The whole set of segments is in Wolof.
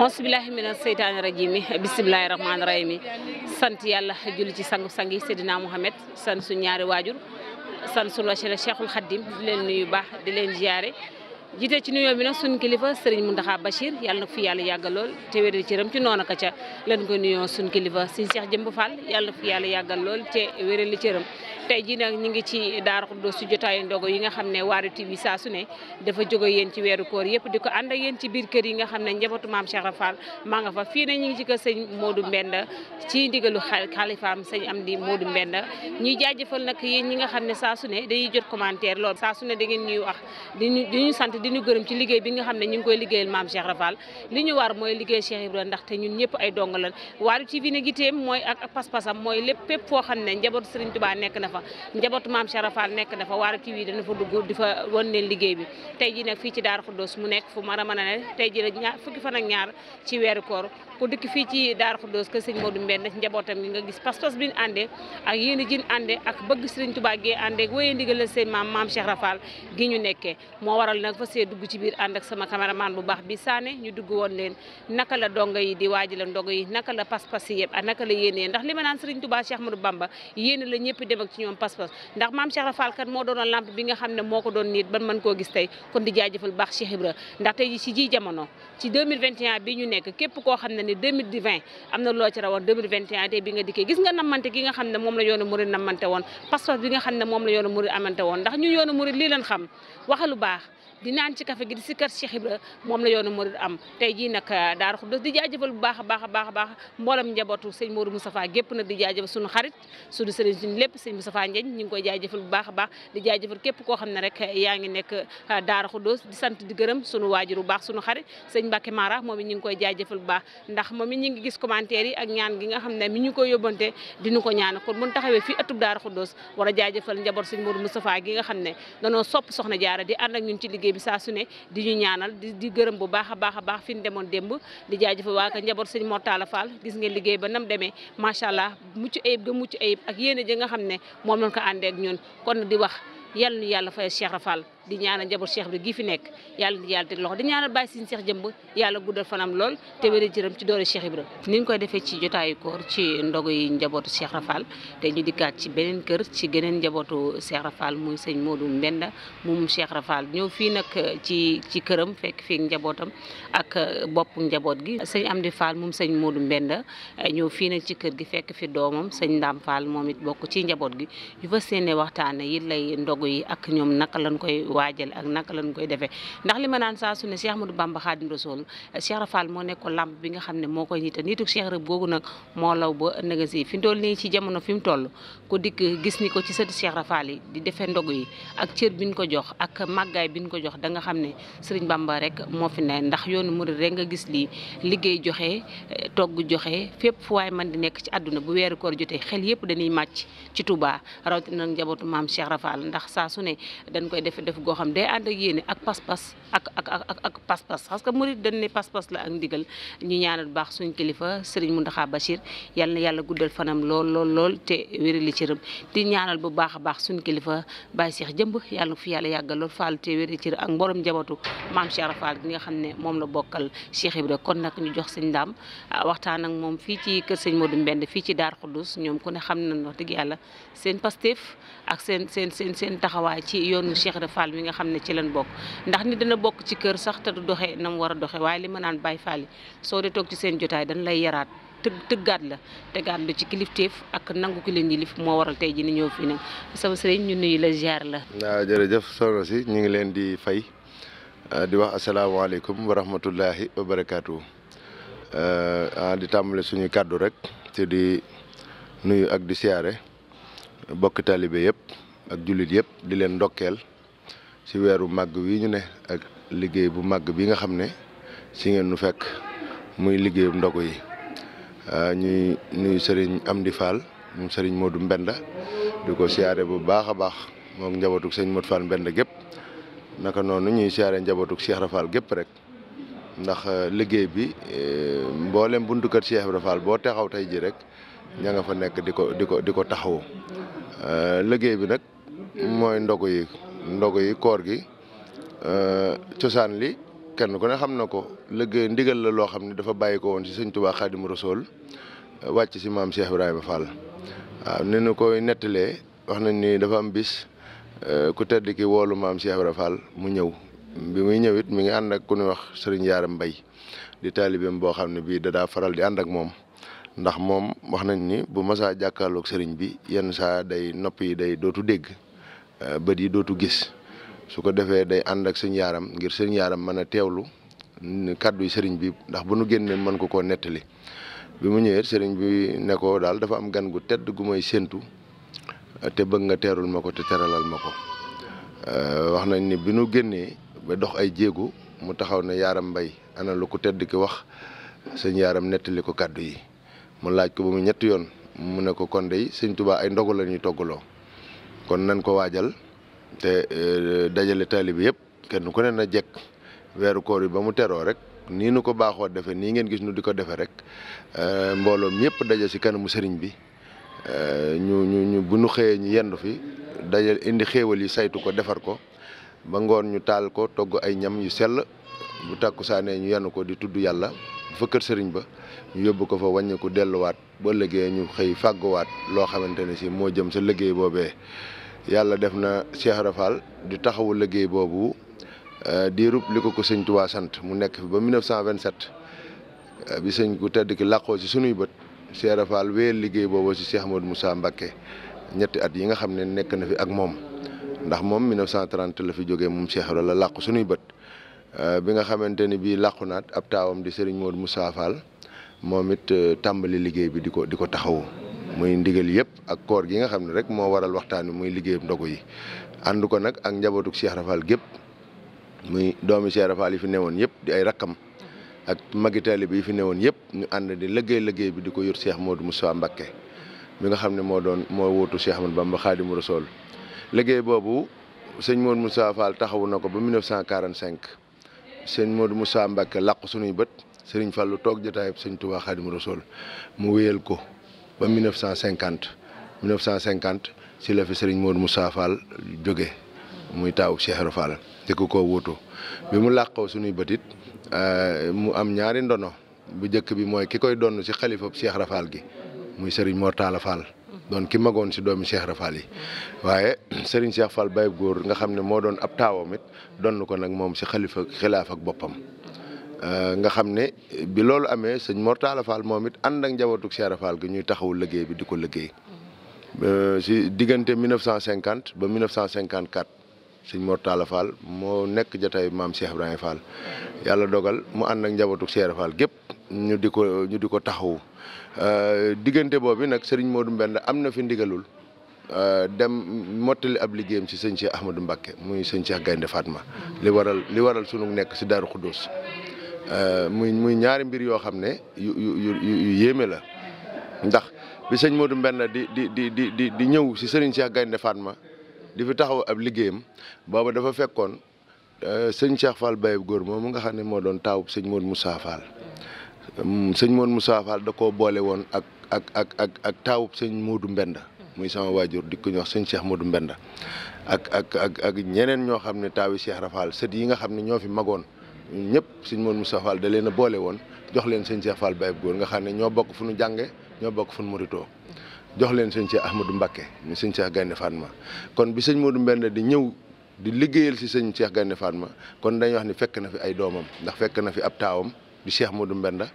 auzu billaahi mina seytaani rajiim bismillaahi rahmaani rahiim sant yàlla julli ci sangu sang yi Seydina Muhammad sant suñu ñaari waajur san suñu wasila Cheikhul Khadim di leen nuyu baax di leen ziyaare jiite ci nuyoo bi nag suñ kilifa sëriñ Mountakha Bachir yàlla na fi yàlla yàggal lool te wéral cëram ci noonu ka ca lañ ko nuyoo suñ kilifa suñ Seex Jëmb Fall yàlla na fi yàggal lool te wéral cëram tey jii nag ñu ngi ci Daaru Xudoos ci jotaayu yi nga xam ne Waarwi TV saa su ne dafa jóge yéen ci weeru koor yëpp di ko ànd ak yéen biir kër yi nga xam ne njabootu maam Cheikh Ibra Fall maa nga fa fii nag ñu ngi ci kër sëñ Modou Mbenda ci ndigalu xalifaam sëñ Amdi Modou Mbenda ñuy jaajëfal nag yéen ñi nga xam ne saa su ne dañuy jot commentaire lool saa su ne da ngeen ñuy di ñu gërëm ci liggéey bi nga xam ne ñu ngi koy liggéeyal maam Cheikh Rafal li ñu war mooy liggéey Cheikh Ibrahima ndaxte ñun ñëpp ay dong lañ Waarwi TV nag itam mooy a pas-pasam mooy lépp fépp foo xam ne njabootu Serigne Touba nekk na fa njabootu maam Cheikh Rafal nekk na fa Waarwi TV dana fa dugg di fa won leen liggéey bi te ji nag fii ci daar Daaru Xuddoos mu nekk fu mar a mën a ne tey ji nag ñaar fu fan ak ñaar ci weeru koor ku dëkk fii ci Darou Khoudoss kër sëñ Modou Mbène ci njabootam nga gis pas-pas bi ak yéen a jin àndee ak bëgg sëriñ Tuubaa gee àndee ak wéyee ndigal la seen maam maam Cheikh Rafal gi ñu nekkee la donga yi di waaji la ndongo yi naka la pas-pas yi yëpp ak naka la yéenee ndax li ma naan sëriñ Tuubaa Cheikh Bamba yéene la ñëpp dem ci ñoom pas-pas ndax maam Cheikh Rafal kat moo doonoon lamp bi nga xam ne moo ko doon niit ban mën koo gis tey kon di ne 2020 am na loo ci rawoon 2021 tey bi nga dikkee gis nga namante gi nga xam ne moom la yoonu murid namante woon passeport bi nga xam ne moom la yoonu murid amante woon ndax ñu yoonu murid lii leen xam waxa baax di naan ci kafe gi di sikkar Cheikh Ibra moom la yoonu murid am tey jii nag ah, daara Xudoos di jaajëfal bu baax a baax a baax a baax mboolem njabootu sëñ Modou Moustapha gépp nag di jaajëfal suñu xarit suñu sëriñ suñu lépp sëñ Moustapha Ndiagne ñu ngi koy jaajëfal bu baax a baax di képp koo xam ne rek yaa ngi nekk ah, Daaru Xudoos di sant di gërëm suñu waajur bu baax suñu xarit sëñ Mbacke Mara moom ñu ngi koy jaajëfal bu baax ndax moom i ñu ngi gis commentaire ak ñaan gi nga xam ne mi ñu koy yóbbante diñu ko ñaan kon mun taxawee fii ëttub daara Xudoos war a jaajëfal njaboot sëñ Modou Moustapha gi nga xam ne danoo sopp soxna jaara di ànd ak ñun ci liggéey liggéey bi saa su ne di ñu ñaanal di gërëm bu baax a baax a baax fi ñu demoon démb di jaajëfal waa ka njaboot sëñ Mortala Fall gis ngeen liggéey ba nam demee macha allah mucc ayib ga mucc ayib ak yéene ji nga xam ne moom lañ ko àndee ak ñun kon di wax yal nu yàlla fay Cheikh Fall di ñaanal njaboot cheikh bi gi fi nekk yàlla di yàlla teg loxo di ñaanal bàyyi sin cheikh jëmb yàlla guddal fanam lool te wéri jërëm ci doole cheikh Ibra ni ñu koy defee ci jotaayu koor ci ndogu yi njabootu cheikh rafal te ñu dikkaat ci beneen kër ci geneen njabootu cheikh rafal muy sëñ Modou Mbenda moom cheikh rafal ñëw fii nag ci ci këram fekk fii njabootam ak bopp njaboot gi sëñ Amdi Fall moom sëñ Modou Mbenda ñëw fii nag ci kër gi fekk fi doomam sëñ Ndam Fall moom it bokk ci njaboot gi ñu fas yéene yi lay ndogu yi ak ñoom naka lañ koy waajal ak naka lañ koy defee ndax li ma naan saa su ne Cheikh Ahmadou Bamba Khadim Rasoul Cheikh Rafal moo nekkoon làmp bi nga xam ne moo koy niita niitu Cheikh Rab googu nag moo law ba nëga si fi mu toll nii ci jamono fi mu toll dikk gis ni ko ci sëti Cheikh Rafal yi di defee ndog yi ak cër biñ ko jox ak maggaay biñ ko jox danga xam ne Serigne Bamba rek moo fi ne ndax yoonu murid rek nga gis lii liggéey joxe togg joxe fépp fu waay man di nekk ci àdduna bu weeru koor jotee xel yëpp dañuy màcc ci Touba rawatina nag njabootu maam goo xam day ànd ak yéene ak pas-pas ak ak ak ak pas-pas parce que murit dañ ne pas-pas la ak ndigal ñu ñaanal baax suñ kilifa sëriñ Mountakha Bachir yal na yàlla guddal fanam lool lool lool te wéri li cëram di ñaanal bu baax a baax suñ kilifa Baye Cheikh jëmb yàlla fi yàlla yàggal lool faal te wéri cër ak mborom njabootu maam Cheikh Rafal gi nga xam ne moom la bokkal Cheikh Ibra kon nag ñu jox sëñ Ndam waxtaan ak moom fii ci kër sëñ Modou mbenn fii ci Daar Xuddus ñoom ku ne xam nañ wax dëgg yàlla ak seen seen seen taxawaay ci yoonu Cheikh Ibra Fall mi nga xam ne ci leen bokk ndax ni dana bokk ci kër sax te du doxee na mu war a doxe waaye li ma naan Baay Faal yi soo dee toog ci seen jotaay dañ lay yaraat të tëggaat la tegaat la ci kilifteef ak nangu ki leen yilif moo waral tey ji ni ñëw fii nag sama sëriñ ñu nuyu la ziar la waaw jëf soxna si ñu ngi leen di fay ah, di wax asalaamaaleykum wa rahmatullahi wa barakaatu ah, ah, di tàmbale suñu kàddu rek te di nuyu ak bokki taalibe yëpp ak jullit yëpp di leen ndokkeel ci weeru màgg wi ñu ne ak liggéey bu màgg bi nga xam ne ci ngeen nu fekk muy liggéeyu ndogu yi ah, ñuy nuyu sëriñ Amdi Fall moom sëriñ Modou mbend di ko siyaare bu baax a baax moom njabootuk sëriñ Modou Fall Mbenda gépp naka noonu ñuy siyaare njabootuk Cheikh Rafal gépp rek ndax ah, liggéey bi eh, mboolem buntu kër Cheikh Rafal boo taxaw tey ji rek ña nga fa nekk di ko di ko di ko taxawu euh, liggéey bi nag mooy ndogu yi ndogu yi koor gi euh, cosaan li kenn ku ne xam na ko liggéey ndigal la loo xam ne dafa bàyyi ko woon ci sëñ Tuubaa Xaadimu Rasuul wàcc si maam Cheikh Ibrahima Fall waaw ne nu koy nettalee wax nañ ni dafa am bis euh, ku tedd ki woolu maam Cheikh Ibrahima Fall mu ñëw bi muy ñëw it mi ngi ànd ak ku ñuy wax sëriñ Yaaram Mbay di taalibeem boo xam ne bii da daa faral di ànd ak moom ndax moom wax nañ ni bu masaa jàkkaarloog sëriñ bi yenn saa day nopp yi day dootu dégg euh, bët yi dootu gis su ko defee day ànd ak sëñ yaaram ngir sëñ yaaram mën a teewlu kàddu yi sëriñ bi ndax bu nu génneen mën ko koo nettali bi mu ñëwee sëriñ bi ne ko daal dafa am gan gu tedd gu may séentu te bëgg nga teerul ma ko te teralal ma ko euh, wax nañ ni bi nu génnee ba dox ay jéego mu taxaw ne yaaram mbay ana lu ko tedd ki wax sëñ yaaram nettali ko kàddu yi mu laaj ko ba mu ñetti yoon mu ne ko kon dey sëñ Tuubaa ay ndogu la ñuy toggaloo kon nañ ko waajal te eh, dajale taalibe yëpp kenn ku ne na jekk weeru koor yi ba mu teroo rek nii nu ko baaxoo defee nii ngeen gis nu di ko defee rek eh, mbooloom ñëpp daje si kanamu sëriñ bi eh, ñu ñu ñu bu nu xëyee ñu yendu fi dajal indi xéewal yi saytu ko defar ko ba ngoon ñu taal ko togg ay ñam yu sell bu tàkkusaanee ñu yenn ko di tudd yàlla fa kër sëriñ ba ñu yóbbu ko fa wàññeeku delluwaat ba liggéey ñu xëy fàgguwaat loo xamante ne si moo jëm sa liggéey boobee yàlla def na Cheikh Rafal di taxawu liggéey boobu eh, diirub li ko ko sëñ Tuubaa sant mu nekk fi ba 1927 eh, bi sëñ ku tedd ki làqoo si sunuy bët Cheikh Rafal liggéey boobu ci Cheikh Amadou Moussa ñetti at yi nga xam ne nekk na fi ak moom ndax moom 1930 la fi jógee moom Cheikh la làqu sunuy bët Euh, bi nga xamante ni bii làqu naat ab taawam di Serigne Modou Moussa moom it euh, tàmbali liggéey bi di ko di ko taxawu muy ndigal yëpp ak koor gi nga xam ne rek moo waral waxtaan wi muy liggéey ndogu yi ànd ko nag ak njabootu Cheikh Rafal gépp muy doomi Cheikh Rafal yi fi newoon yëpp di ay rakkam ak magi bi yi fi newoon yëpp ñu ànd di liggéey liggéey bi di ko yor Cheikh Modou Moussa mbakke bi nga xam ne moo doon moo wuutu Cheikh Ahmadou Bamba Khadimou Rassoul liggéey boobu sëñ Modou Moussa taxawu na ko ba 1945 sëñ Modou Moussa Mbacke làq suñuy bët sëriñ Fallou toog jotaayub sëñ Touba Xaadimu Rasuul mu wéyal ko ba 1950 1950 si la fi sëriñ mu saa Fall jóge muy taawu Cheikh Fall jëkk ko wuutu bi mu làqoo suñuy bëtit it euh, mu am ñaari ndono bu njëkk bi mooy ki koy donn si xalifab Cheikh Rafal gi muy sëriñ Mor Talla doon ki magoon si doomi Cheikh Rafal yi waaye Serigne Cheikh Fall Baye Góor nga xam ne moo doon ab taawam it donn ko nag moom si xalifa xilaaf ak boppam euh, nga xam ne bi loolu amee sëñ Mortala Fall ànd ak njabootu Cheikh gi ñuy taxawu liggéey bi di ko liggéey euh, si diggante 1950 ba 1954 sëñ Mortala Fall moo nekk jotaayu maam Cheikh Ibrahima Fall yàlla dogal mu ànd ak njabootu Cheikh Fall gépp ñu di ko ñu di ko taxaw Euh, diggante boobu nag sëriñ Modou mbenn am na fi ndigalul euh, dem mottali ab liggéeyam ci sëñ Cheikh Ahmadou Mbacké muy sëñ Cheikh Gaynde Fatma li waral li waral sunu nekk ci Daaru Xuddoos euh, muy muy ñaari mbir yoo xam ne yu yéeme la ndax bi sëñ Modou Mbend di di di di di di ñëw si sëriñ Cheikh Gaynde Fatma di fi taxaw ab liggéeyam booba dafa fekkoon sëñ Cheikh Fall Baye góor moom mu nga xam ne moo doon taawub sëñ Modou Moussa Fall Mm, sëñ Moon Moussa Fall da koo boole woon ak ak ak ak ak taawub sëñ Moodu Mbenda hmm. muy sama waajur di ko ñu wax sëñ Cheikh Moodu Mbenda ak ak ak ak ñeneen ñoo xam ne taawi Cheikh Rafal sët yi nga xam ne ñoo fi magoon ñëpp sëñ Moon Moussa Fall da leen a boole woon jox leen sëñ Cheikh Fall Baye góor nga xam ne ñoo bokk fu nu jànge ñoo bokk fu nu muritoo jox leen sëñ Cheikh Ahmadou Mbacké mi sëñ Cheikh Gaynde Fatma kon bi sëñ Moodu Mbenda di ñëw di liggéeyal si sëñ Cheikh Gaynde Fatma kon dañuy wax ni fekk na fi ay doomam ndax fekk na fi ab taawam di Cheikh Modou Mbenda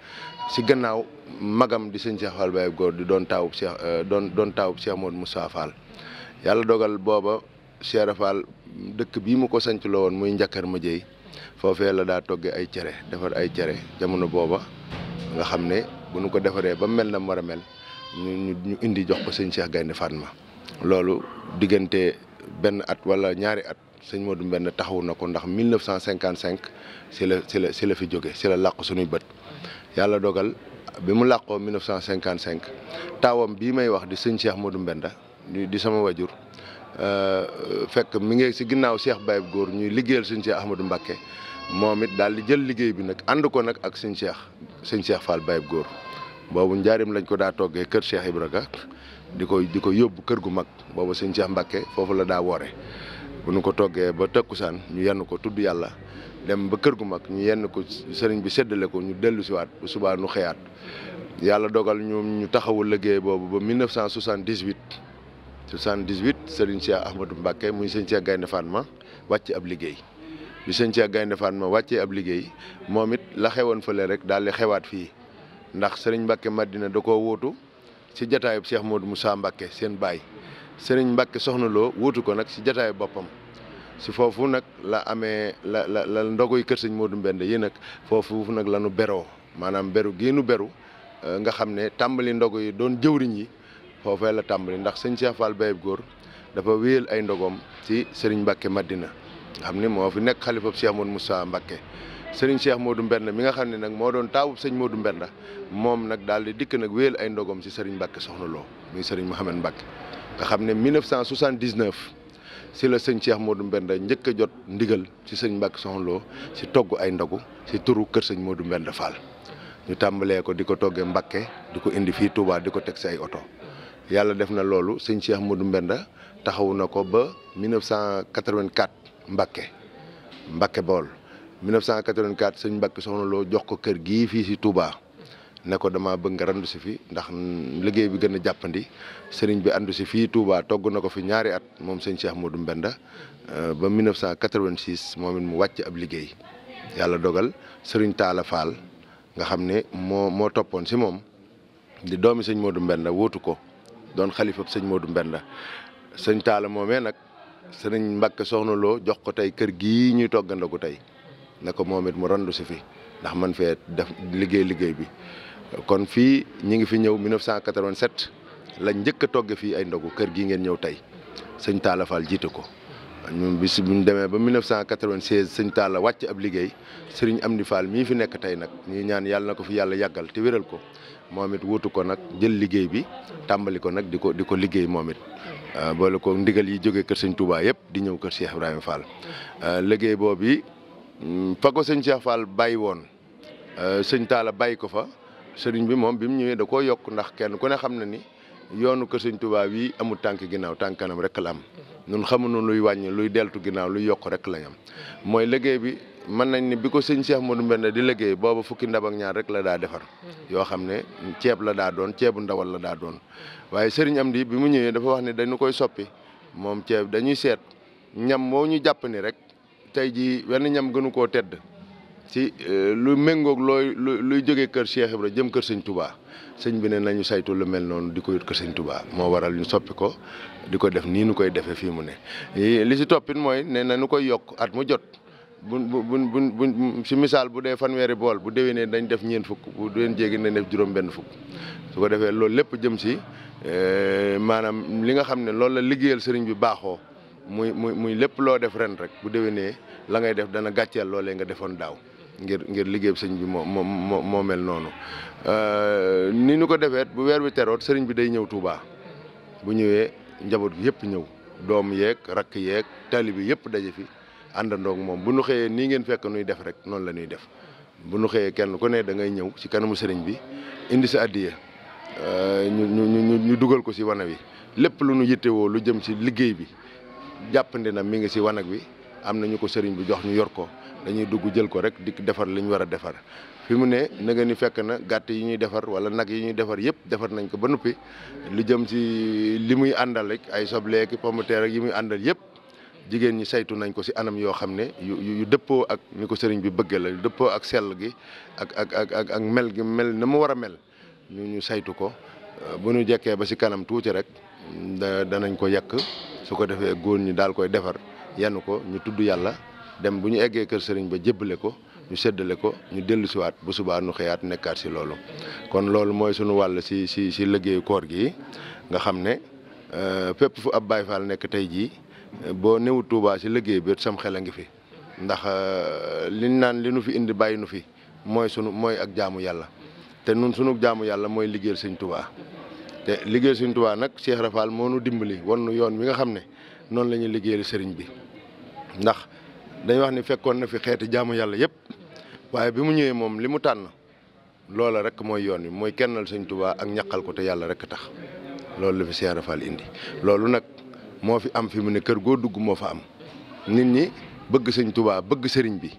si gannaaw magam di sëñ Cheikh Fall Góor di doon taawub Cheikh euh, doon doon taawub Cheikh Modou Moussa Fall yàlla dogal booba Cheikh Fall dëkk bii mu ko sanc muy njakkar ma jëy foofee la daa togge ay cere defar ay cere jamono booba nga xam ne bu ko defaree ba mel na mu war a ñu indi jox ko sëñ Cheikh Gaynde Fatma loolu diggante benn at wala ñaari at sëñ Modou Mbenn taxawu na ko ndax 1955 si la si la si la fi jóge si la làq suñuy bët yàlla dogal bi mu làqoo 1955 taawam bii may wax di sëñ Cheikh di sama wajur euh, fekk mi ngi si ginnaaw Cheikh Góor ñuy liggéeyal sëñ Cheikh Ahmadou Mbacké moom it daal di jël liggéey bi nag ànd ko nag ak sëñ Cheikh sëñ Cheikh Fall Baye Góor boobu njaarim lañ ko daa toggee kër Cheikh Ibrahima di ko di ko yóbbu kër gu mag boobu sëñ Cheikh Mbacké foofu la daa wore bu nu ko toggee ba saan ñu yenn ko tudd yàlla dem ba kër gu mag ñu yenn ko sëriñ bi séddale ko ñu dellu siwaat bu subaa nu xëyaat yàlla dogal ñoom ñu taxawul liggéey boobu ba 1978 78 sëriñ Cheikh Ahmadou Mbacké muy sëñ Cheikh Gaynde Fatma wàcc ab liggéey bi sëñ Cheikh Gaynde Fatma wàccee ab liggéey moom it la xewoon fële rek daal di xewaat fii ndax sëriñ Mbacké Madina da koo wóotu ci jataayub Cheikh Modou Moussa Mbacké seen baay sëriñ Mbàkke soxna loo wuutu ko nag si jataayu boppam si foofu nag la amee la la la ndoguy kër sëñ Modou Mbende yi nag foofu nag la nu beroo maanaam beru gii nu beru eh, nga xam ne tàmbali ndogu yi doon jëwriñ yi foofee la tàmbali ndax sëñ Cheikh Fall Baye góor dafa wéyal ay ndogoom ci sëriñ Mbàkke Madina nga xam ni moo fi nekk xalifab Cheikh Modou Moussa Mbàkke sëriñ Cheikh Modou Mbenda mi nga xam ne nag moo doon taawub sëñ Modou Mbenda moom nag daal di dikk nag wéyal ay ndogoom ci sëriñ Mbàkke soxna loo muy sëriñ Mouhamed Mbàkke nga xam ne 1979 si la sëñ moo Modou Mbenda njëkk a jot ndigal ci sëñ Mbacke Soxna Lo si togg ay ndogu ci turu kër sëñ Modou Mbenda Fall ñu tàmbalee ko di ko toggee Mbacke di ko indi fii Touba di ko teg si ay oto yàlla def na loolu sëñ Cheikh Modou Mbenda taxawu na ko ba 1984 Mbacke Mbacke Bawol 1984 sëñ Mbacke Soxna loo jox ko kër gii fii si Touba. ne ko dama bëgg nga randu si fi ndax liggéey bi gën a jàppandi sëriñ bi àndu si fii Touba togg na ko fi ñaari at moom sëñ moo Modou Mbenda euh, ba 1986 moom mu wàcc ab liggéey yàlla dogal sëriñ Talla Fall nga xam ne moo moo toppoon si moom di doomi sëñ Modou Mbenda wóotu ko doon xalifab sëñ Modou Mbenda sëñ Talla moomee nag sëriñ Mbacke Soxna Lo jox ko tey kër gi ñuy toggandagu tey ne ko moom it mu randu si fi ndax man fee def liggéey liggéey bi kon fii ñu ngi fi ñëw 1987 lañ njëkk a togge fii ay ndogu kër gi ngeen ñëw tey sëñ Talla Fall jiite ko ñun bis bu ñu demee ba 1996 sëñ Talla wàcc ab liggéey sëriñ Amdi Fall mii fi nekk tey nag ñuy ñaan yàlla ko fi yàlla yàggal te wéral ko moom it ko nag jël liggéey bi tàmbali ko nag di ko di ko liggéey moom it. Euh, boole ko ndigal yi jóge kër sëñ Touba yëpp di ñëw kër Cheikh Ibrahima Fall euh, liggéey boobu mm, fa ko sëñ Cheikh Fall bàyyi woon euh, sëñ Talla bàyyi ko fa. sëriñ bi moom bi mu ñëwee da koo yokk ndax kenn ku ne xam na ni yoonu kër sëriñ Tuubaa yi amul tànk ginnaaw tànk kanam rek la am ñun xamuñu luy wàññi luy deltu ginnaaw luy yokk rek la am mooy liggéey bi mën nañ ni bi ko sëñ Cheikh Modou Mbène di liggéey booba fukki ndab ak ñaar la daa defar yoo xam ne ceeb la daa doon ceebu ndawal la daa doon waaye sëriñ Amdi bi mu ñëwee dafa wax ne dañu koy soppi moom ceeb dañuy seet ñam moo ñu jàpp ni rek tey jii wenn ñam gënu koo tedd ci euh, lu méngoog looy luy jógee kër Cheikh Ibra jëm kër sëñ tubaa sëñ bi ne nañu saytu lu mel noonu di ko yut kër sëñ Touba moo waral ñu soppi ko di ko def nii nu koy defee fii mu ne. li si toppit mooy ne na nu koy yokk at mu jot bu bu bu bu si misaal bu dee fanweeri bool bu déwénee dañ def ñeent fukk bu déwén jéegi dañ def juróom-benn fukk su ko defee loolu lépp jëm si euh, maanaam li nga xam ne loolu la liggéeyal sëriñ bi baaxoo. muy muy muy lépp loo def ren rek bu déwénee la ngay dana gàcceel loolee nga defoon daaw ngir ngir liggéey sëñ bi moo moo moo mel noonu euh, ni ñu ko defeet bu weer bi teroot sëriñ bi day ñëw Touba bu ñëwee njaboot bi yëpp ñëw doom yeeg rakk yeeg taalibe bi yëpp daje fi àndandoog moom bu ñu xëyee nii ngeen fekk nuy def rek noonu la ñuy def bu ñu xëyee kenn ku ne da ngay ñëw ci kanamu sëriñ bi indi si addiya euh, ñu ñu ñu dugal ko ci wana wi lépp lu ñu yittewoo lu jëm ci liggéey bi jàppandi na mi ngi ci wanag wi am na ñu ko sëriñ bi jox ñu yor ko dañuy dugg jël ko rek dikk defar li ñu war a defar fi mu ne na nga ni fekk na gàtt yi ñuy defar wala nag yi ñuy defar yëpp defar nañ ko ba noppi lu jëm ci li muy àndal rek ay sobleeki pomme de yi muy àndal yëpp jigéen ñi saytu nañ ko si anam yoo xam ne yu dëppoo ak ñu ko sëriñ bi bëggee la yu dëppoo ak sell gi ak ak ak ak ak mel gi mel na mu war a mel ñu ñu saytu ko euh, bu ñu jekkee ba si kanam tuuti rek danañ ko yàq su ko defee góor ñi daal koy defar yenn ko ñu tudd yàlla dem bu ñu eggee kër sëriñ ba jébbale ko ñu séddale ko ñu dellu siwaat bu subaa nu xëyaat nekkaat si loolu kon loolu mooy sunu wàll si si si liggéeyu koor gi nga xam ne euh, fépp fu ab Baay Faal nekk tey jii boo néew Tuubaa si liggéey bi sam xel a ngi fi ndax euh, liñ naan li nu fi indi bàyyi nu fi mooy sunu mooy ak jaamu yàlla te nun sunu jaamu yàlla mooy liggéeyal sëñ Tuubaa te liggéeyal sëñ Tuubaa nag Cheikh Rafal moo nu dimbali wan nu yoon wi nga xam ne noonu la ñuy liggéeyal sëriñ bi dañ wax ni fekkoon na fi xeeti jaamu yàlla yëpp waaye bi mu ñëwee moom li mu tànn loola rek mooy yoon wi mooy kennal sëñ tubaa ak ñaqal ko te yàlla rek tax loolu la fi Cheikh Rafal indi loolu nag moo fi am fi mu ne kër goo dugg moo fa nit ñi bëgg sëñ Tuubaa bëgg sëriñ bi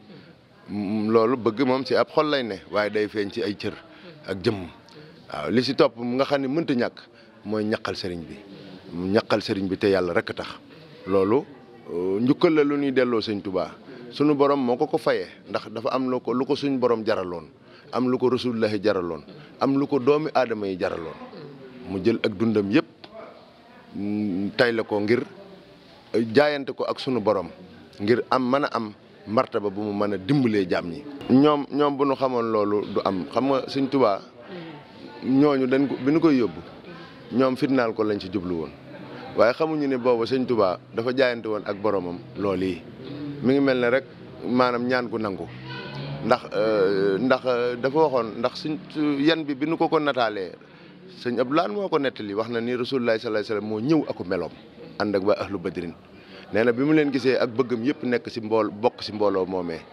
mm, loolu bëgg moom ci ab xol lay ne waaye day feeñ ci ay cër ak jëmm li ci topp nga xam ne mënta ñàkk mooy ñaqal sëriñ bi ñaqal sëriñ bi te yàlla rek tax loolu Euh, njukkal la lu ñuy delloo sëñ tubaa sunu borom moo ko ko fayee ndax dafa am lu ko lu ko suñ borom jaraloon am lu ko rasulullahi jaraloon am lu ko doomi aadama yi jaraloon mu jël ak dundam yëpp mm, tay ko ngir euh, jaayante ko ak suñu borom ngir am mën a am martaba bu mu mën a dimbalee jaam ñi. ñoom ñoom bu nu xamoon loolu du am xam nga sëñ tubaa ñooñu dañ ko bi ñu koy yóbbu ñoom fitnaal ko lañ ci jublu woon. waaye xamuñu ne boobu sëñ Touba dafa jaayante woon ak boromam loolu yi mi ngi mel ne rek maanaam ñaan gu nangu ndax euh, ndax euh, dafa waxoon ndax suñ yan bi bi nu ko ko nataalee sëñ Abdoulaye moo ko nettali wax na ni Rasulullah sallallahu alayhi wasallam moo ñëw aku meloom ànd ak waa ahlu badrin nee na bi mu leen gisee ak bëggam yëpp nekk si mbool bokk si mbooloo moomee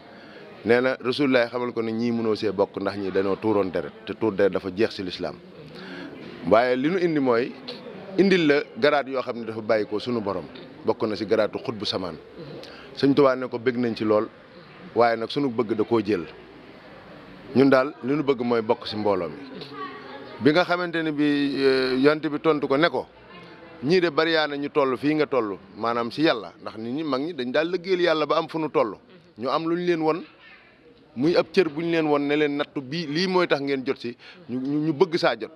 nee na Rasulullah xamal ko ne ñii mënoo see bokk ndax ñi dañoo tuuroon deret te tuur deret dafa jeex si lislaam li indi mooy indil la garaat yoo xam ne dafa bàyyi ko sunu borom bokk na si garaatu xut bu samaan sëñ Tuubaa ne ko bëgg nañ ci lool waaye nag sunu bëgg da koo jël ñun daal li nu bëgg mooy bokk si mbooloo mi bi nga xamante ne bi e, yonte bi tontu ko ne ko ñii de bari na ñu toll fii nga toll maanaam si yàlla ndax nit ñi mag ñi dañ daal lëggéel yàlla ba am fu nu toll ñu am lu ñu leen won muy ab cër bu ñu leen won ne leen nattu bii lii mooy tax ngeen jot si ñu ñu bëgg saa jot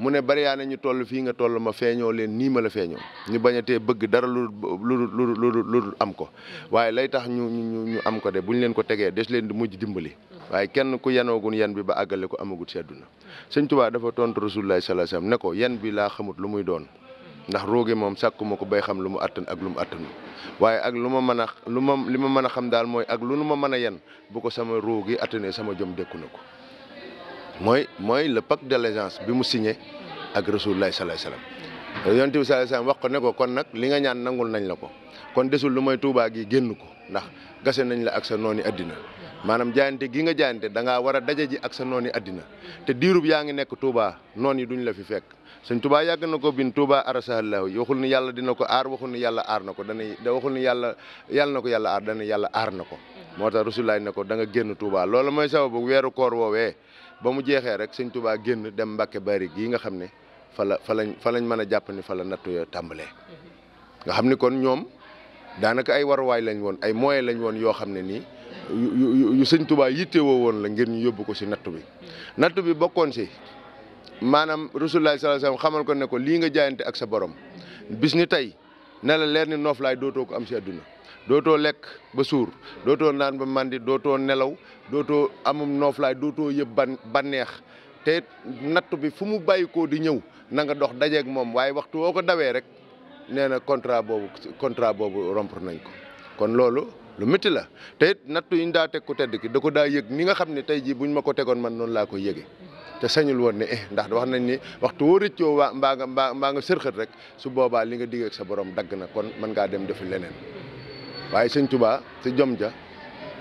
mu ne bari yaa na ñu toll fii nga toll ma feeñoo leen nii ma la feeñoo ñu bañ a tee bëgg dara lu lu lu lu am ko waaye lay tax ñu ñu am ko de bu ñu leen ko tegee des leen di mujj dimbali waaye kenn ku yanoogun yan bi ba àggale ko amagut si àdduna sëñ Tuubaa dafa tontu Rasulullaahi sallallaahu alayhi wa ne ko yan bi laa xamut lu muy doon ndax rooge moom sàkku ko bay xam lu mu attan ak lu mu attanu waaye ak lu ma mën a lu ma li ma mën a xam daal mooy ak lu nu ma mën a yen bu ko sama roogi attanee sama jom dékku na ko mooy mooy le pacte d' allégeance bi mu signee ak Rasulullah sallallahu alayhi wasallam yonent bi sallallahu alayhi wax ko ne ko kon nag li nga ñaan nangul nañ la ko kon desul lu mooy Touba gi génn ko ndax gase nañ la ak sa noonu àddina maanaam jaayante gi nga jaayante da ngaa war a daje ak sa noonu àddina te diirub yaa ngi nekk Touba noon yi duñ la fi fekk suñ Touba yàgg na ko bin Touba arasahallahu yi waxul ni yàlla dina ko aar waxul ni yàlla aar na ko dana da waxul ni yàlla yàlla na ko yàlla aar yàlla aar na ko moo tax Rasulullah ne ko da nga génn Touba loolu mooy sababu weeru koor woowee ba mu jeexee rek sëñ tubaa génn dem Mbàkke bari gii nga xam ne fa la fa lañ fa lañ mën a jàpp ni fa la nattu yo tàmbalee nga xam ni kon ñoom daanaka ay waruwaay lañ woon ay moyens lañ woon yoo xam ne nii yu sëñ Touba yittewoo woon la ngir ñu yóbbu ko si nattu bi nattu bi bokkoon si maanaam Rasulullah sallallahu alayhi wasallam xamal ko ne ko lii nga jaayante ak sa borom bis ni tey ne la leer ni noof laay dootoo ko am si àdduna dootoo lekk ba suur dootoo naan ba màndi dootoo nelaw dootoo amum nooflaay dootoo yëpp ban banneex te nattu bi fu mu bàyyi koo di ñëw na nga dox dajeek moom waaye waxtu woo ko dawee rek nee na contrat boobu contrat boobu rompre nañ ko kon loolu lu métti la te it yi ñu daa teg ku tedd ki da ko daa yëg ni nga xam ne tey jii buñ ma ko tegoon man noonu laa ko yëgee te sañul woon ne eh ndax wax nañ ni waxtu woo rëccoo waa mbaa nga mbaa nga sërxët rek su boobaa li nga digg sa borom dagg na kon mën ngaa dem defi leneen waaye sëñ Tuubaa si jom ja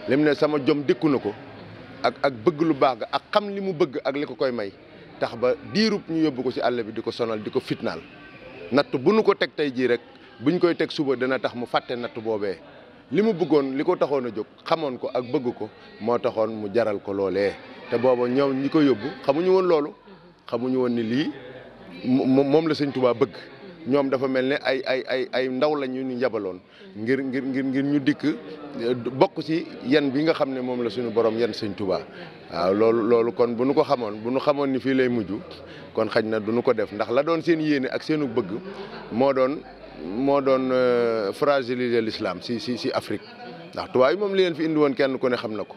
lim ne sama jom dikku na ko ak ak bëgg lu baax ga ak xam li mu bëgg ak li ko koy may tax ba diirub ñu yóbbu ko si àll bi di ko sonal di ko fitnaal natt bu nu ko teg tey jii rek buñ koy teg suba dana tax mu fàtte natt boobee li mu bëggoon li ko taxoon a jóg xamoon ko ak bëgg ko moo taxoon mu jaral ko loolee te booba ñoom ñi ko yóbbu xamuñu woon loolu xamuñu woon ni lii moom la sëñ Tuubaa bëgg ñoom dafa mel ne ay ay ay ay ndaw la ñu yabaloon ngir ngir ngir ngir ñu dikk eh, bokk si yan bi nga xam ne moom la suñu borom yan sëñ Tuubaa waaw loolu loolu kon bu nu ko xamoon bu nu xamoon ni fii lay mujj kon xaj na du nu ko def ndax la doon seen yéene ak seenu bëgg moo doon moo doon eh, fragiliser l'islam si si si Afrique ndax tubaab yi moom li leen fi indi woon kenn ku ne xam na ko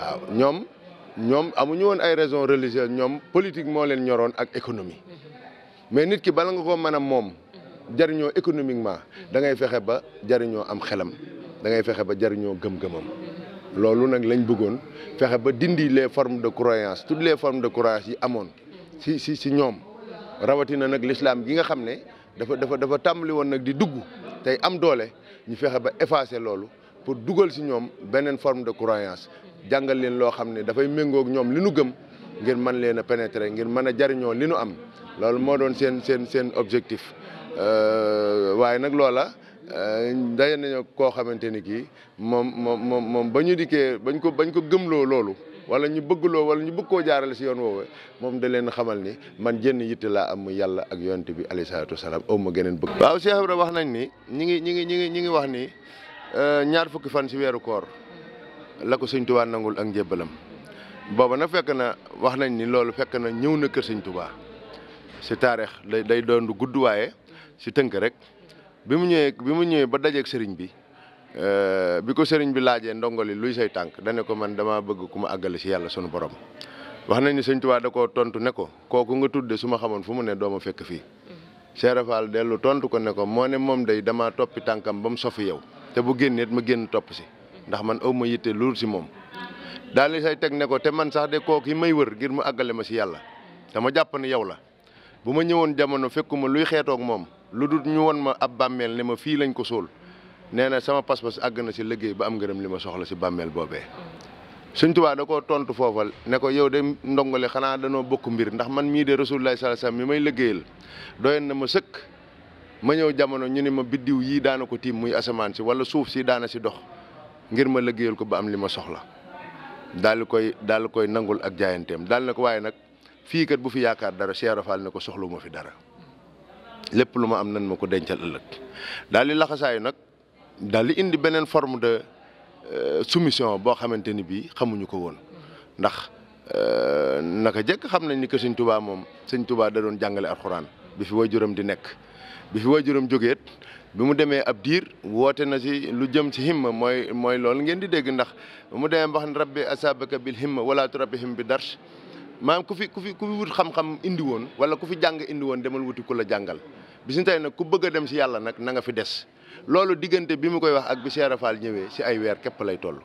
waaw ñoom ñoom amuñu woon ay raisons religieuses ñoom politique moo leen ñoroon ak économie mais nit ki bala nga ko mën a moom jariñoo économiquement dangay fexe ba jariñoo am xelam da ngay fexe ba jariñoo gëm-gëmam loolu nag lañ buggoon fexe ba dindi les formes de croyance toutes les formes de croyance yi amoon si si si ñoom rawatina nag l'islam gi nga xam ne dafa dafa dafa tàmbali woon nag di dugg tey am doole ñu fexe ba effacer loolu pour dugal si ñoom beneen forme de croyance jàngal leen loo xam ne dafay méngoog ñoom li nu gëm ngir mën leen a pénétrer ngir mën a jariñoo li nu am loolu moo doon seen seen seen objectif euh, waaye nag loola euh, daje nañu koo xamante ni kii moom moom moom moom ba ñu dikkee bañ ko bañ ko gëmloo loolu wala ñu bëggloo wala ñu bëgg koo jaarale si yoon woowee moom da leen xamal ni man jenn yitte laa am yàlla ak yonent bi alayhi salaatu wasalaam aw geneen bëgg. waaw Cheikh Ibrahima wax nañ ni ñi ngi ñi ngi ñi ngi ñi ngi wax ni euh, ñaar fukki fan si weeru koor la ko sëñ Tuubaa nangul ak njébbalam booba nag fekk na wax nañ ni loolu fekk na ñëw na kër sëñ si taarix day doon lu gudd waaye si tënk rek bi mu ñëwee bi mu ñëwee ba dajeeg sëriñ bi euh, bi ko sëriñ bi laajee ndongoli luy say tànk dane ko man dama bëgg ku ma àggale si yàlla sunu borom wax nañ ni sëñ Tuubaa da koo tontu ne ko kooku nga tudde su ma xamoon fu mu ne dooma fekk fii Cheikh dellu tontu ko ne ko moo ne moom day dama toppi tànkam ba mu sofi yow te bu génneet ma génn topp si ndax man aw ma yitte luur si moom daal di say teg ne ko te man sax de kooku yi may wër ngir mu àggale ma si yàlla dama jàpp ne yow la bu ma ñëwoon jamono fekkuma luy xeetook moom lu dul ñu won ma ab bàmmeel ne ma fii lañ ko sóol nee na sama pas-pas àgg na si liggéey ba am ngërëm li ma soxla si bàmmeel boobee. Sëñ Tuubaa da koo tontu foofal ne ko yow de ndongole xanaa danoo bokk mbir ndax man mii de Rasulullah sallallahu alayhi wasallam mi may liggéeyal doyen na ma sëkk ma ñëw jamono ñu ni ma biddiw yii daana ko tiim muy asamaan si wala suuf si daana si dox ngir ma liggéeyal ko ba am li ma soxla daal koy daal koy nangul ak jaayanteem daal na ko waaye nag. fii kat bu fi yaakaar dara Cheikh Rafal ne ko soxla ma fi dara lépp lu ma am nan ma ko dencal ëllëg daal di laxasaayu nag daal di indi beneen forme de euh, soumission boo xamante ni bii xamuñu ko woon ndax euh, naka jëkk xam nañ ni ko sëñ Tuubaa moom sëñ Tuubaa da doon jàngale alxuraan bi fi waajuram di nekk bi fi waajuram jógeet bi mu demee ab diir woote na ci lu jëm ci himma mooy mooy loolu ngeen di dégg ndax mu demee mbax ne rabbi asabaka bil himma wala turabihim bi darsh maanaam ku fi ku fi ku wut xam-xam indi woon wala ku fi jàng indi woon demal wuti ku la jàngal bis ñu tey nag ku bëgg a dem si yàlla nag na nga fi des loolu diggante bi mu koy wax ak bi Cheikh Rafal ñëwee si ay weer képp lay toll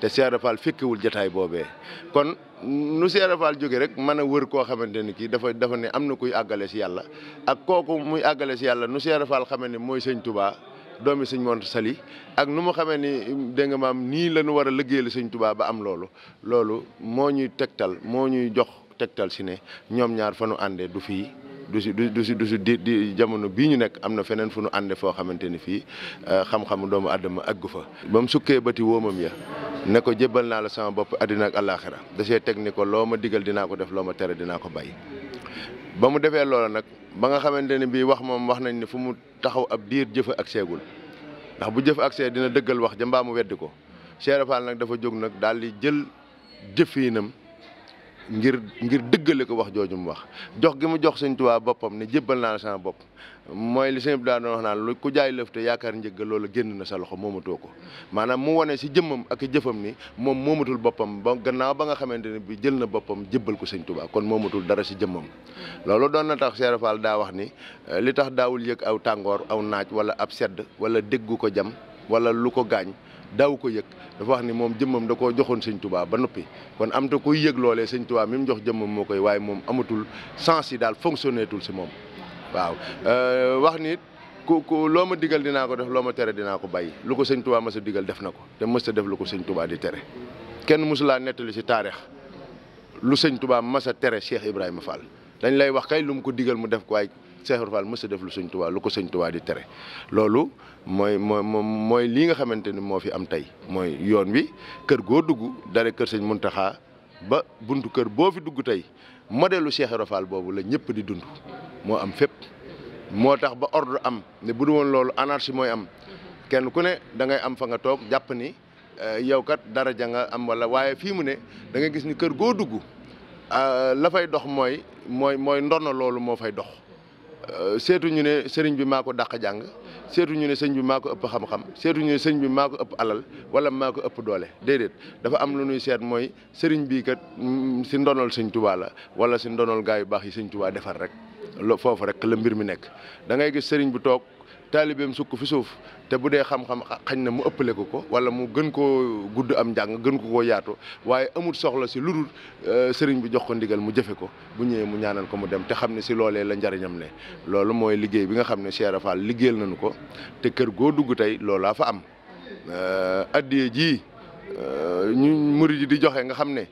te Cheikh Rafal fekkewul jataay boobee kon nu Cheikh Rafal jóge rek mën a wër koo xamante ni kii dafa dafa ne am na kuy àggale si yàlla ak kooku muy àggale si yàlla nu Cheikh Rafal xamante ne mooy sëñ Touba doomi sëñ Mor Anta Sali ak nu mu xamee ni dégg maam nii la ñu war a liggéeyal sëñ tubaab ba am loolu loolu moo ñuy tegtal moo ñuy jox tegtal si ne ñoom ñaar fanu àndee du fii du si du si du di di jamono bii ñu nekk am na feneen fu nu àndee foo xamante ni fii euh, xam-xamu doomu adama aggu fa. ba mu sukkee bati woomam ya ne ko jébbal naa la sama bopp àddina ak àllaaxira da see teg ni ko loo ma digal dinaa ko def loo ma tere dinaa ko bàyyi. ba mu defee loola nag ba nga xamante ne bii wax moom wax nañ ne fu mu taxaw ab diir jëfa ak seegul ndax bu jëf ak dina dëggal wax ja mbaa mu weddi ko Cheikh Fall nag dafa jóg nag daal di jël jëfiinam ngir ngir dëggale ko wax jooju mu wax jox gi mu jox Sëñ Tuubaa boppam ne jébbal naa la sama bopp mooy li sëñ bi daan wax naa lu ku jaay lëf te yaakaar njëgg loolu génn na sa loxo moomatoo ko maanaam mu wane si jëmmam ak jëfam ni moom moomatul boppam ba gannaaw ba nga xamante ne bi jël na boppam jëbbal ko sëñ Tuubaa kon moomatul dara si jëmmam loolu doon na tax Cheikh Fall daa wax ni eh, li tax daawul yëg aw tàngoor aw naaj wala ab sedd wala déggu ko jam wala lu ko gaañ daaw ko yëg dafa wax ni moom jëmmam da koo joxoon sëñ tubaa ba noppi kon am te kuy yëg loolee sëñ tubaa mi mu jox jëmmam moo koy waaye moom amatul sens yi daal fonctionné si moom waaw euh, wax nit ku ku loo ma digal dinaa ko def loo ma tere dinaa ko bàyyi lu ko sëñ Touba mës a digal def na ko te mës a def lu ko sëñ Touba di tere kenn mësulaa nettali ci taarix lu sëñ Touba mës tere Cheikh Ibrahima Fall dañ lay wax kay lu mu ko digal mu def ko waaye Cheikh Ibrahima Fall mës a ko sëñ Touba di tere loolu mooy mooy mooy lii nga xamante ni moo fi am tey mooy yoon wi kër goo dugg dale kër sëñ Muntaxa ba buntu kër boo fi dugg tey modèlu Cheikh Ibrahima Fall boobu la ñëpp di dund moo am fépp moo tax ba ordre am ne bu du woon loolu anarchie mooy am kenn ku ne da ngay am fa nga toog jàpp ni eh, yow kat dara ja am walla waaye fii mu ne da ngay gis ni kër goo dugg eh, la fay dox mooy mooy mooy ndono loolu moo fay dox eh, seetu ñu ne sëriñ bi maa ko jàng seetu ñu ne sëñ bi maa ëpp xam-xam seetu ñu ne sëñ bi maa ko ëpp alal wala maa ko ëpp doole déedéet dafa am lu nuy seet mooy sëriñ bii kat mm, si ndonol sëñ Tuubaa la wala si ndonol gaa yu baax yi sëñ Tuubaa defar rek lo foofu rek la mbir mi nekk da ngay gis sëriñ bu toog taalibeem sukk fi suuf te bu dee xam-xam xañ na mu ëppale ko ko wala mu gën koo gudd am njàng gën ko koo yaatu waaye amul soxla si lu dul euh, sëriñ bi jox ko ndigal mu jëfe ko bu ñëwee mu ñaanal ko mu dem te xam ne si loolee la njariñam ne loolu mooy liggéey bi nga xam ne Cheikh Fall liggéeyal nañu ko te kër goo dugg tey loolaa fa am euh, addiye ji euh, ñu muri yi di joxe nga xam ne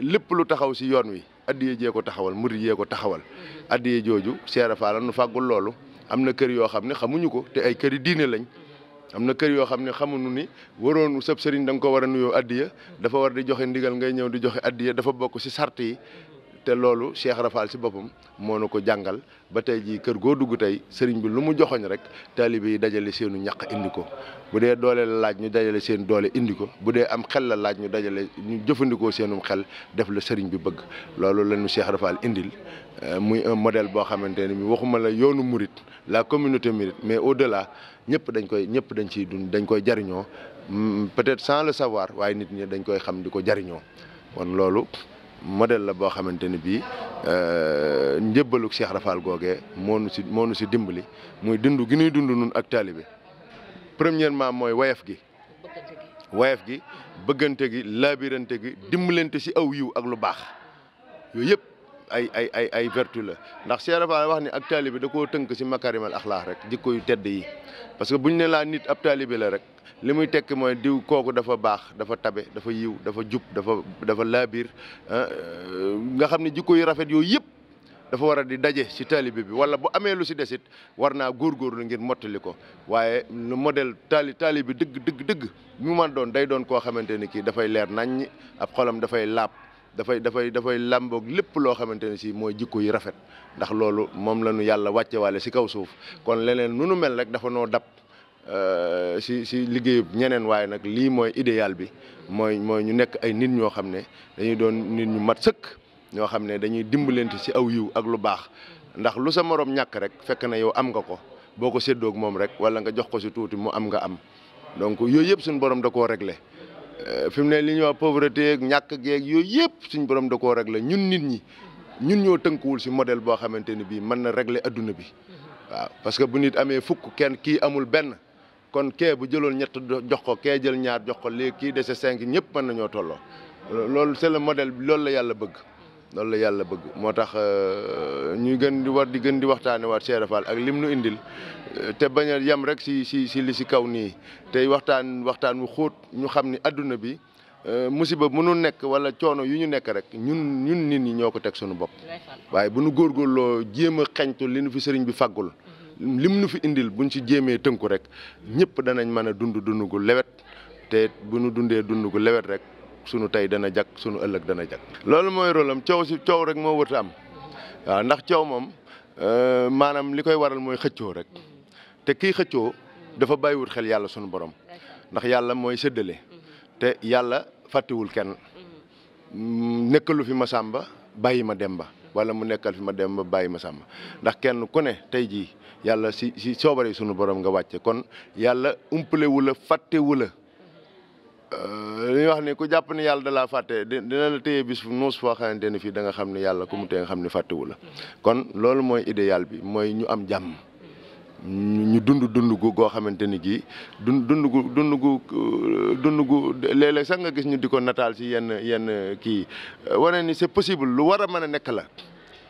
lépp lu taxaw si yoon wi addiye jee ko taxawal murid yee ko taxawal addiye jooju seere faala nu fàggul loolu am na kër yoo xam ne xamuñu ko te ay kër yi diine lañ am na kër yoo xam ne xamuñu ni waroon sëb sëriñ da ko war a nuyoo addiya dafa war di joxe ndigal ngay ñëw di joxe addiya dafa bokk si sart yi te loolu Cheikh Rafal si boppam moo nu ko jàngal ba tey jii kër goo dugg tey sëriñ bi lu mu joxoñ rek taalibe yi dajale seenu ñaq indi ko bu dee doole la laaj ñu dajale seen doole indi ko bu dee am xel la laaj ñu dajale ñu jëfandikoo seenum xel def la sëriñ bi bëgg loolu lañu Cheikh Rafal indil euh, muy un modèle boo xamante ne bi waxuma la yoonu murit la communauté murit mais au delà ñëpp dañ koy ñëpp dañ ciy dund dañ koy jariñoo hmm, peut-être sans le savoir waaye nit ñi dañ koy xam di ko jariñoo loolu modèle la boo xamante ni bii euh, njëbbaluk Cheikh Rafal googee moo nu si moo nu si dimbali muy dund gi ñuy dund nun ak taalibe premièrement mooy wayaf gi wayaf gi bëggante gi laabirante gi dimbalante si aw yiw ak lu baax yooyu yëpp ay ay ay ay vertu la ndax Cheikh Rafa wax ni ak taalibe da koo tënk si makarimal axlaax rek jikko yu tedd yi parce que bu ñu ne laa nit ab taalibe la rek li muy tekk mooy diw kooku dafa baax dafa tabe dafa yiw dafa jub dafa dafa laabiir ah, euh, nga xam ne jikko yu rafet yooyu yëpp dafa war a di daje si taalibe bi wala bu amee lu si desit war naa góorgóorlu ngir mottali ko waaye le model taali taalibe dëgg dëgg dëgg mu man doon day doon koo xamante ni kii dafay leer naññ ab xolam dafay laab dafay dafay dafay làmboog lépp loo xamante ne si mooy jikko yi rafet ndax loolu moom la ñu yàlla wàcce waale si kaw suuf kon leneen nu nu mel rek dafa noo dab euh, si si liggéeyub ñeneen waaye nag lii mooy idéal bi mooy mooy ñu nekk ay nit ñoo xam ne dañuy doon nit ñu mat sëkk ñoo xam ne dañuy dimbalante si aw yiw ak lu baax ndax lu sa moroom ñàkk rek fekk na yow am nga ko boo ko séddoog moom rek wala nga jox ko si tuuti mu am nga am donc yooyu yëpp suñu borom da koo réglé Euh, fi mu ne li ñuy wax pauvreté ñàkk geeg yooyu yëpp suñ borom da koo régler ñun nit ñi ñun ñoo tënkuwul si modèle boo xamante ni bii mën na regle àdduna bi waaw parce que bu nit amee fukk kenn kii amul benn kon kee bu jëlool ñett jox ko kee jël ñaar jox ko léegi kii dese cinq ñëpp mën nañoo tolloo loolu c'est le modèle loolu la yàlla bëgg loolu la yàlla bëgg moo tax euh, ñuy gën di war di gën di waxtaanee waat Cheikh Fall ak lim nu indil euh, te bañ a yem rek si si si li si kaw nii tey waxtaan waxtaan wu xóot ñu xam ni àdduna bi euh, musiba mënu nekk wala coono yu ñu nekk rek ñun ñun nit ñi ñoo ko teg sunu bopp. waaye bu nu góorgóorloo jéem a xeñtu li nu fi sëriñ bi faggul. lim nu fi indil buñ ci jéemee tënku rek ñëpp danañ mën a dund dund gu lewet te bu nu dundee dund gu lewet rek. sunu tey dana jag sunu ëllëg dana jag. loolu mooy rôle am coow si coow rek moo wërta am waaw ndax coow moom euh, maanaam li koy waral mooy xëccoo rek te kii xëccoo dafa bàyyiwul xel yàlla sunu borom ndax yàlla mooy séddale te yàlla fàttewul kenn nekkalu fi ma sàmba bàyyi ma demba wala mu nekkal fi ma dem ba bàyyi ma sàmm ndax kenn ku ne tey jii yàlla si si soobare sunu borom nga wàcce kon yàlla umpale wu la fàtte la Euh, li ñuy wax ni ku jàpp ni yàlla da laa fàtte dina la téye bis nuus foo xamante ni fii danga nga xam ni yàlla ku mu nga xam ni fàttewu la kon loolu mooy idéal bi mooy ñu am jàmm ñu dund dund gu goo xamante ni gii dund dund gu dund gu dund gu léeg sax nga gis ñu di ko nataal ci yenn yenn kii wane ni c'est possible lu war a mën a nekk la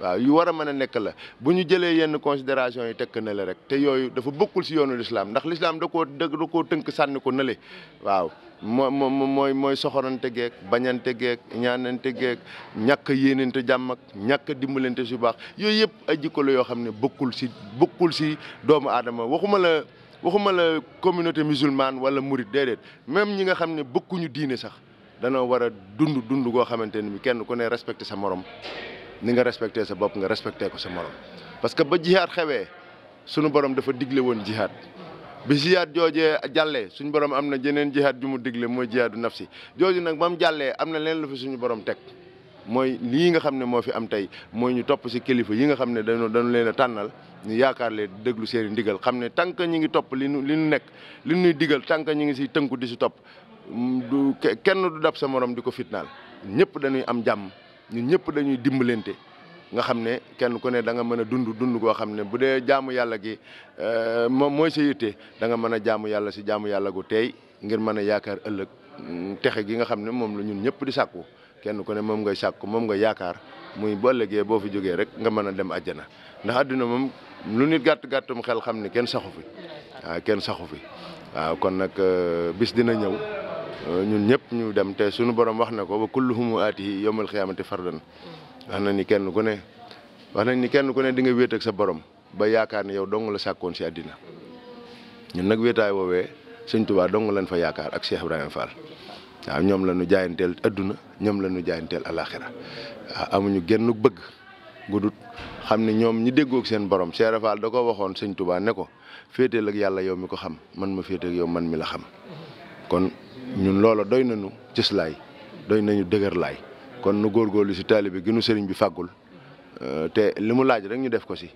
waaw yu war a mën a nekk la bu ñu jëlee yenn considération yi tekk na lee rek te yooyu dafa bokkul si yoonu lislaam ndax lislaam da koo da koo tënk sànni ko nële waaw moo moo mooy mooy soxorante geek bañante geek ñaanante geek ñàkk a yéenante ñàkk a dimbalante su baax yooyu yëpp ay jikko la yoo xam ne bokkul si bokkul si doomu aadama waxuma la waxuma la communauté musulmane wala murit déedéet même ñi nga xam ne bokkuñu diine sax danoo war a dund dund goo xamante ne bi kenn ku ne respecté sa morom ni nga respecté sa bopp nga respecté ko sa morom parce que ba jihaat xewee suñu borom dafa digle woon jihaat bi jihaat joojee jàllee suñu borom am na jeneen jihaat ju mu digle mooy jihaadu si jooju nag ba mu jàllee am na leen lu fi suñu borom teg mooy lii nga xam ne moo fi am tey mooy ñu topp si kilifa yi nga xam ne dañoo dañu leen a tànnal ñu yaakaar leen déglu seen ndigal xam ne tant que ñu ngi topp li nu li nu nekk li nuy digal tant que ñu ngi si tënku di si topp mm, du kenn du dab sa morom di ko fitnaal ñëpp dañuy am jàmm. ñun ñëpp dañuy dimbalante nga xam ne kenn ku ne da nga mën a dund dund goo xam ne bu dee jaamu yàlla gi euh, moom mooy sa yitte da nga mën a jaamu yàlla si jaamu yàlla gu tey ngir mën a yaakaar ëllëg mm, texe gi nga xam ne moom la ñun ñëpp di sàkku kenn ku ne moom nga sàkku moom nga yaakaar muy bu ëllëgee boo fi jógee rek nga mën a dem àjjana ndax àdduna moom lu nit gàtt gàttum xel xam ne kenn saxu fi waaw kenn saxu fi waaw kon nag euh, bis dina ñëw Euh, ñun ñëpp ñu dem te suñu borom wax na ko wa kulluhum aatihi yawmal qiyaamati fardan wax na ni kenn ku ne wax nañ ni kenn ku ne di nga wéet ak sa borom ba yaakaar ne yow dong la sàkkoon si àddina ñun nag wéetaay woowee sëñ Tuubaa dong lañ fa yaakaar ak Cheikh Ibrahima Fall waaw ñoom la ñu jaayanteel àdduna ñoom la ñu jaayanteel alaxira waaw amuñu genn bëgg gudut xam ne ñoom ñi déggoog seen borom Cheikh Fall da ko waxoon sëñ Tuubaa ne ko féeteel ak yàlla yow mi ko xam man ma féeteel ak yow man mi la xam kon ñun loola doy nañu cëslaay doy nañu dëgërlaay kon nu góorgóorlu si taalibe gi nu sëriñ bi fàggul euh, te li mu laaj rek ñu def ko si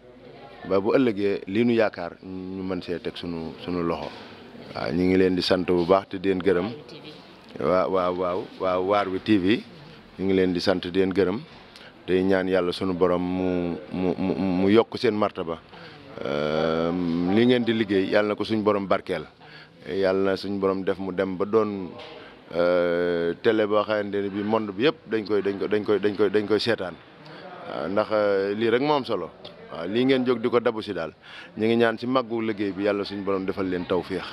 ba bu ëllëgee lii nu yaakaar ñu mën see teg sunu sunu loxo. waaw ñu ngi leen di sant bu baax te di leen gërëm waaw waaw waaw waaw waar wi TV ñu ngi leen di sant di leen gërëm tey ñaan yàlla sunu borom mu mu mu yokk seen martaba euh, li ngeen di liggéey yàlla na ko suñu borom barkeel. yàlla na suñu borom def mu dem ba doon euh, télé boo xamante ne bi mond bi yëpp dañ koy dañ koy dañ koy dañ koy dañ koy seetaan ndax euh, lii rek moom solo waa lii ngeen jóg di ko dabu si daal ñu ngi ñaan si màggu liggéey bi yàlla suñu borom defal leen tawféex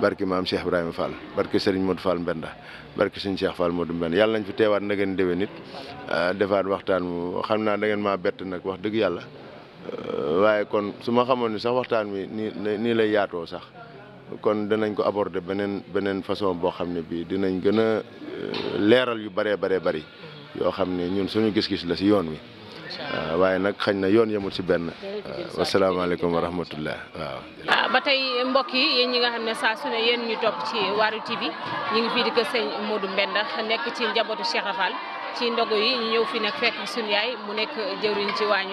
barki maam Cheikh Ibrahima Fall barki Serigne Modou Fall Mbenda barki suñu Cheikh Fall Modou Mbenda yàlla nañ fi teewaat na ngeen déwén nit euh, defaat waxtaan mu xam naa dangeen ngeen maa bett nag wax dëgg yàlla waaye kon su ma xamoon ni sax waxtaan wi nii nii lay yaatoo sax. kon danañ ko abordé beneen beneen façon boo xam ne bii dinañ gën a euh, leeral yu bëree bëree bari yoo xam ne ñun suñu gis-gis la si yoon wi waaye nag xañ na yoon yemul ci benn wasalaamaaleykum wa rahmatullah waaw ah, ba tey mbokk yi ñi nga xam ne saa su ne ñu topp ci Waarwi TV ñu ngi fii di ko sëñ Modou Mbenda nekk ci njabootu Cheikh ci ndogu yi ñu ñëw fi nag fekk suñu yaay mu nekk jëwriñ ci waañ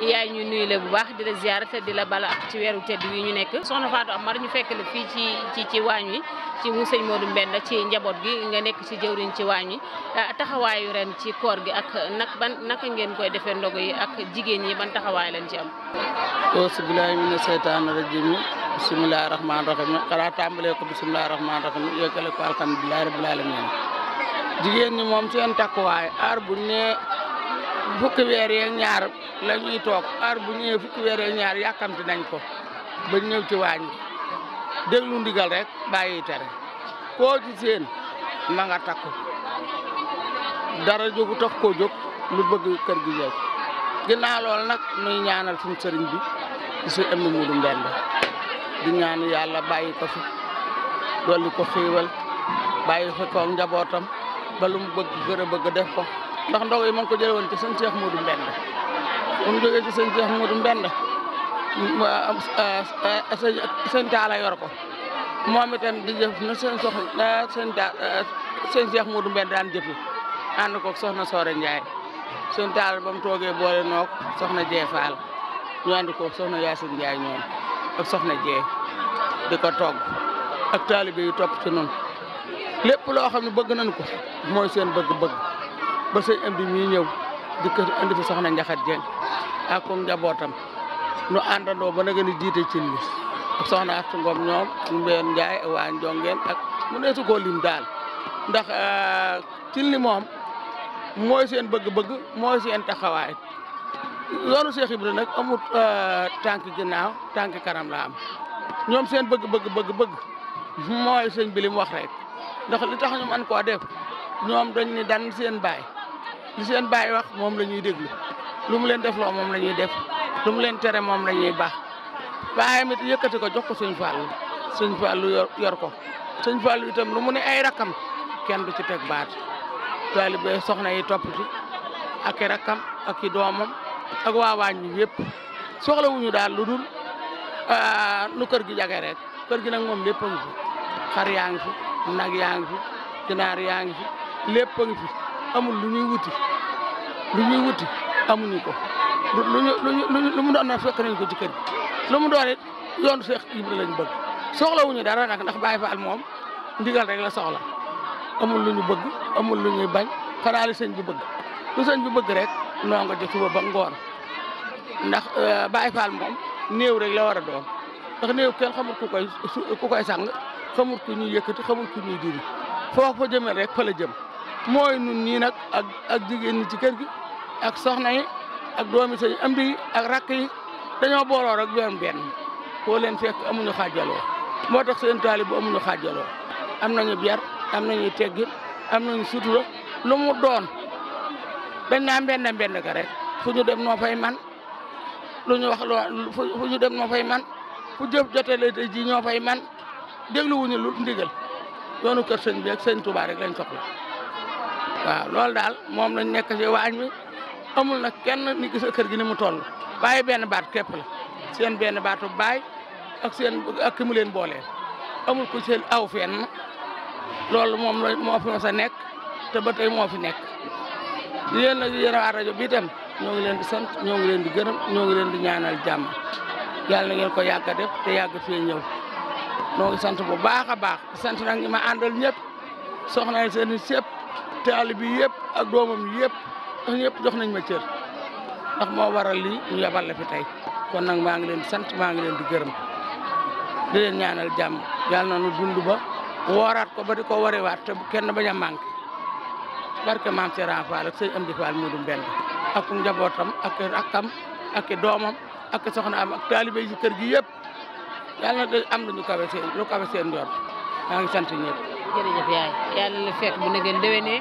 wi yaay ñu nuyu la bu baax di la ziyaara la bala ak ci weeru tedd wi ñu nekk soxna Fatou Amar ñu fekk la fii ci ci ci waañ wi ci mu sëñ Modou Mbenda ci njaboot gi nga nekk ci jëwriñ ci waañ wi ah, taxawaayu ren ci koor gi ak nag ban naka ngeen koy defee ndogu yi ak jigéen ñi ban taxawaay leen ci am asibilahi mina seytaani rajim bisimilahi rahmaani rahim xanaa tàmbalee ko bisimilahi rahmaani rahim yëkkale ko alhamdulilahi rabbil alamin jigéen ñi moom seen takkuwaay ar bu ñee fukki weer yeeg ñaar la toog aar bu ñëwee fukki weer yeeg nañ ko ba ñëw ci waañ rek bàyyi tere koo ci seen ma nga takku dara jógu tax koo jóg lu bëgg kër gi jeex ginnaaw loolu nag nuy ñaanal suñu sëriñ bi di si am na mu di ñaan yàlla bàyyi ko fi dolli ko xéewal bàyyi fi koog njabootam ba lu mu bëgg gën a bëgg def ko ndax ndog yi ma ngi ko jëlee woon ci sëñ Cheikh Modou Mbend bu mu jógee ci sëñ Cheikh Mbend ah, ah, ah, sëñ Taala yor ko moom itam di jëf na seen soxna sëñ ta Mbend daan jëfi ànd koog soxna Soore Ndiaye sëñ Taala ba mu toogee boole noog soxna Jee Faal ñu ànd koog soxna Yacine Ndiaye ñoom ak soxna Jee di ko togg ak taalibe yu topp ci noonu lépp loo xam ne bëgg nañ ko mooy seen bëgg-bëgg ba sëñ am di ñëw di kër indi fi soxna Njaxate Dieng ak ko njabootam nu àndandoo ba nag ni jiite cin li ak soxna ak ngoom ñoom Mbène Ndiaye waa Njongeen ak mu neesu koo lim daal ndax euh, cin li moom mooy seen bëgg-bëgg mooy seen taxawaay yoonu Cheikh Ibra nag amul euh, tànk ginnaaw tànk kanam la ñoom seen bëgg-bëgg bëgg-bëgg mooy sëñ bi li mu ndax li tax ñu mën koo def ñoom dañ ni dan seen baay li seen baay wax moom la ñuy déglu lu mu leen def loo moom la ñuy def lu leen tere moom la ñu baax baayam it yëkkati ko jox ko sëñ Fallu sëñ Fallu yor ko sëñ Fallu itam lu mu ne ay rakam kenn du ci teg baat taalibe soxna yi topp ci ak i rakkam ak i doomam ak waa waañ soxlawuñu daal lu dul ah, nu kër gi jage rek kër gi nag moom lépp a ngi fi xar yaa ngi fi nag yaa ngi fi ginaar yaa ngi fi lépp a fi amul lu ñuy wuti lu ñuy wuti amuñu ko lu ñu lu mu doon na fekk nañ ko ci kër gi lu mu doon it yoonu Seex Ibra lañ bëgg soxlawuñu dara nag ndax bay Faal moom ndigal rek la soxla amul lu ñu bëgg amul lu ñuy bañ xanaa li sëñ bi bëgg lu sëñ bi bëgg rek noo nga jëf ba ba ngoon ndax euh, Baay Faal moom néew rek la war a doon ndax néew kenn xamul ku koy ku xamul ku ñuy yëkkati xamul ku ñuy diri foofu jëmee rek fa la jëm mooy nun ñii nag ak ak jigéen ñi ci kër gi ak soxna yi ak doomi sey ambi yi ak rakk yi dañoo booloo rek doon benn foo leen fekk amuñu xaajaloo moo tax seen taalib bu amuñu xaajaloo am nañu biyar am nañu teggin am nañu sutura lu mu doon dañ naa mbenn ga rek fu ñu dem noo fay man lu ñu wax loo fu ñu dem noo fay man fu jëf jotee la man dégluwuñu lu ndigal yoonu kër sëñ bi ak sëñ Touba rek lañ soxla waaw loolu daal moom lañ nekk ci waañ bi amul na kenn ni gis kër gi ni mu toll waaye benn baat képp seen benn baatu baay ak seen ak ki mu leen booleel amul ku seen aw fenn loolu moom la moo ma sa nekk te ba tey moo fi nekk yéen nag yéen waa rajo bi tam ñoo ngi leen di sant ñoo ngi leen di gërëm ñoo ngi leen di ñaanal jàmm yàlla na ngeen ko yàgg a def te yàgg fee ñëw noo ngi sant bu baax a baax sant nag ngi ma àndal ñëpp soxna yi seen i sëpp bi yëpp ak doomam yëpp ndax ñëpp jox nañ ma cër ndax moo waral li ñu yabal la tey kon nag maa ngi leen sant maa ngi leen di gërëm di leen ñaanal jàmm yàlla na nu dund ba wooraat ko ba di ko warewaat te kenn bañ a manqué barke maam Serigne Fall ak sëñ Amdi Fall mu du benn ak njabootam ak rakkam ak doomam ak soxnaam ak taalibe yi kër gi yëpp. yàlla na am lu ñu kawe seen lu kawe seen njort maa ngi sant ñëpp. jërëjëf yaay yàlla la fekk bu ne ngeen déwénee